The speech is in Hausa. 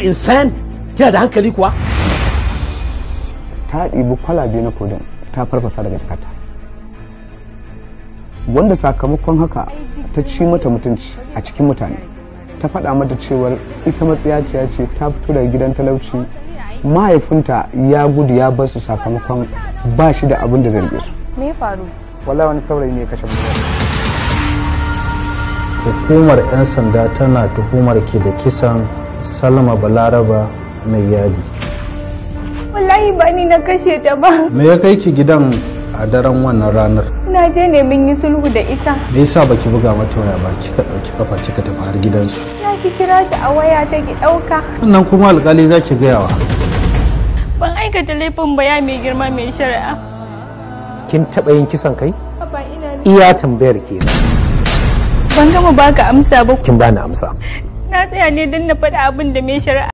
insan kina da hankali kuwa ta ɗibi kwalabe na kodin ta farfasa daga jakata wanda sakamakon haka ta ci mata mutunci a cikin mutane ta faɗa mata cewar ita matsiyaciya ce ta fito daga gidan talauci mahaifinta ya gudu ya basu sakamakon ba shi da abin da zarge su me faru wala wani saurayi ne kashe mutane hukumar 'yan sanda tana tuhumar ke da kisan salama balaraba mai yadi wallahi ba ni na kashe ta ba me ya kai ki gidan a daren wannan ranar na je ne mun yi sulhu da ita me yasa baki buga mata waya ba kika dauki kafa kika tafi har gidansu na ki kira ta a waya ta ki dauka sannan kuma alkali zaki yawa ban aikata laifin baya mai girma mai shari'a kin taba yin kisan kai iya tambayar kenan ban gama baka amsa ba kin bani amsa na tsaya ne don na faɗi abin da mai shari'a